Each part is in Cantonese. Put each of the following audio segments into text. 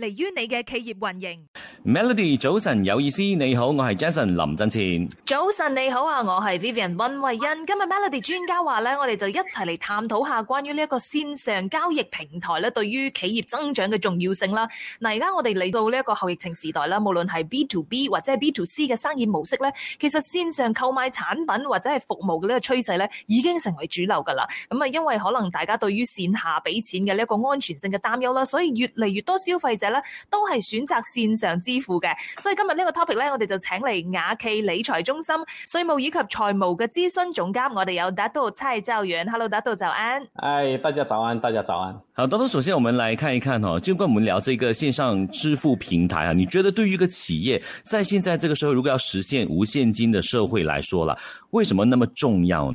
嚟於你嘅企業運營。Melody 早晨有意思，你好，我係 Jason 林振前。早晨你好啊，我係 Vivian 溫慧欣。今日 Melody 專家話咧，我哋就一齊嚟探討下關於呢一個線上交易平台咧，對於企業增長嘅重要性啦。嗱，而家我哋嚟到呢一個後疫情時代啦，無論係 B to B 或者係 B to C 嘅生意模式咧，其實線上購買產品或者係服務嘅呢個趨勢咧，已經成為主流噶啦。咁啊，因為可能大家對於線下俾錢嘅呢一個安全性嘅擔憂啦，所以越嚟越多消費者。都係選擇線上支付嘅，所以今日呢個 topic 呢，我哋就請嚟亞企理財中心稅務以及財務嘅諮詢總監，我哋有拿督蔡兆源。Hello，拿督早安。哎，大家早安，大家早安。好，拿督，首先我們來看一看哦，就跟我們聊這個線上支付平台啊，你覺得對於一個企業，在現在這個時候，如果要實現無現金的社會來說啦，為什麼那麼重要？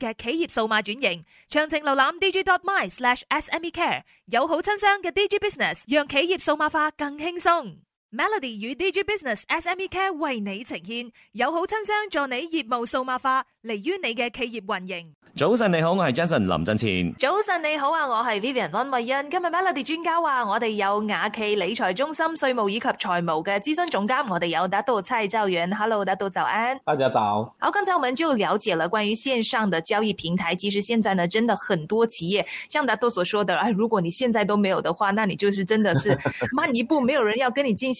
嘅企業數碼轉型，詳情瀏覽 digi.my/smecare，有好親商嘅 Digi Business，讓企業數碼化更輕鬆。Melody 與 Digi Business SME Care 為你呈現友好親商，助你業務數碼化，利於你嘅企業運營。早晨你好，我係 Jason 林振前。早晨你好啊，我係 Vivian 安慧欣。今日 Melody 專家話，我哋有亞企理財中心稅務以及財務嘅諮詢總監，我哋有拿督蔡兆源。Hello 拿督早安，大家早。好，剛才我們就了解了關於線上的交易平台。其實現在呢，真的很多企業，像拿督所說的，唉、哎，如果你現在都沒有的話，那你就是真的是慢一步，沒有人要跟你進行。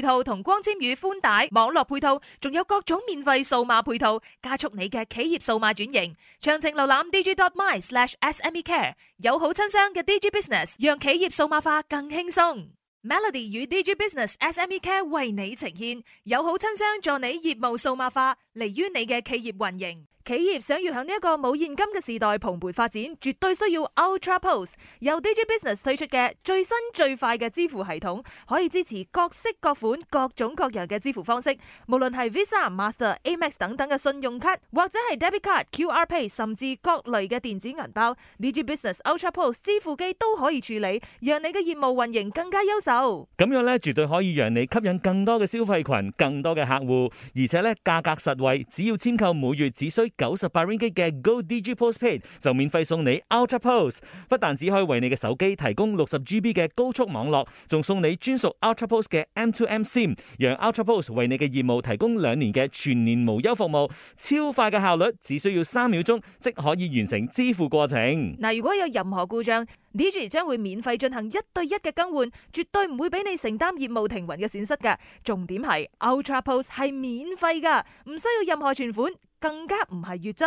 配套同光纖與寬帶網絡配套，仲有各種免費數碼配套，加速你嘅企業數碼轉型。詳情瀏覽 digi.my/sme-care，slash 友好親商嘅 Digi Business，讓企業數碼化更輕鬆。Melody 與 Digi Business SME Care 為你呈現友好親商，助你業務數碼化，利於你嘅企業運營。企業想要喺呢一個冇現金嘅時代蓬勃發展，絕對需要 UltraPOS 由 Digi Business 推出嘅最新最快嘅支付系統，可以支持各式各款、各種各樣嘅支付方式，無論係 Visa、Master、Amex 等等嘅信用卡，或者係 Debit Card、QR Pay，甚至各類嘅電子銀包 Digi Business UltraPOS 支付機都可以處理，讓你嘅業務運營更加優秀。咁樣咧，絕對可以讓你吸引更多嘅消費群、更多嘅客戶，而且咧價格實惠，只要簽購每月只需。九十八 ringgit 嘅 Go Digi Postpaid 就免費送你 Ultra Post，不但只可以為你嘅手機提供六十 GB 嘅高速網絡，仲送你專屬 Ultra Post 嘅 M to M SIM，讓 Ultra Post 為你嘅業務提供兩年嘅全年無憂服務，超快嘅效率，只需要三秒鐘即可以完成支付過程。嗱，如果有任何故障，Digi 將會免費進行一對一嘅更換，絕對唔會俾你承擔業務停運嘅損失噶。重點係 Ultra Post 係免費噶，唔需要任何存款。更加唔係月租，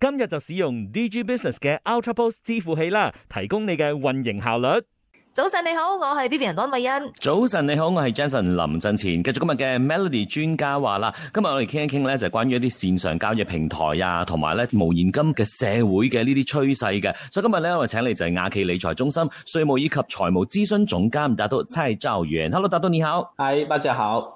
今日就使用 DG Business 嘅 UltraPOS 支付器啦，提供你嘅運營效率。早晨你好，我係 Vivian 安美欣。早晨你好，我係 Jenson 林振前。繼續今日嘅 Melody 專家話啦，今日我哋傾一傾咧就係關於一啲線上交易平台啊，同埋咧無現金嘅社會嘅呢啲趨勢嘅。所以今日咧我哋請嚟就係亞企理財中心稅務以及財務咨詢總監拿督蔡兆源 Hello 拿督你好，係大家好。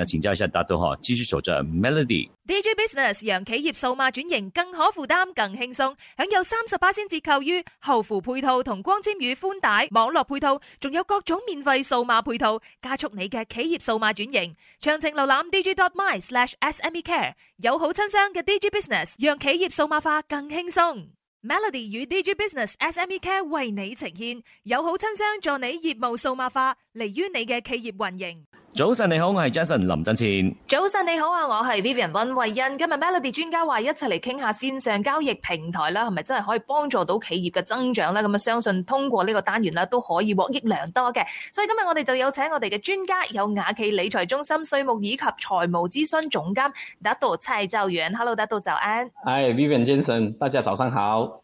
我請教一下大多，答到哈，支持所在 Melody DJ Business，讓企業數碼轉型更可負擔、更輕鬆，享有三十八巴仙折扣於後付配套同光纖與寬帶網絡配套，仲有各種免費數碼配套，加速你嘅企業數碼轉型。詳情瀏覽 DJdotmy/smecare，友好親商嘅 DJ Business，讓企業數碼化更輕鬆。Melody 與 DJ Business SME Care 為你呈現友好親商，助你業務數碼化，利於你嘅企業運營。早晨你好，我係 Jason 林振前。早晨你好啊，我係 Vivian 温慧欣。今日 Melody 專家話一齊嚟傾下線上交易平台啦，係咪真係可以幫助到企業嘅增長咧？咁啊，相信通過呢個單元啦，都可以獲益良多嘅。所以今日我哋就有請我哋嘅專家，有亞企理財中心稅務以及財務諮詢總監拿督蔡兆源。Hello，拿督早安。Hi，Vivian Jason，大家早上好。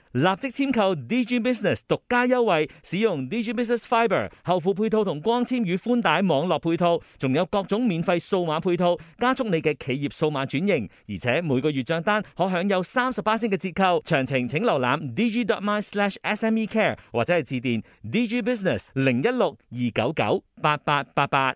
立即簽購 Digi Business 獨家優惠，使用 Digi Business Fibre 後付配套同光纖與寬帶網絡配套，仲有各種免費數碼配套，加速你嘅企業數碼轉型。而且每個月帳單可享有三十八巴仙嘅折扣。詳情請瀏覽 digi.my/smecare 或者係致電 Digi Business 零一六二九九八八八八。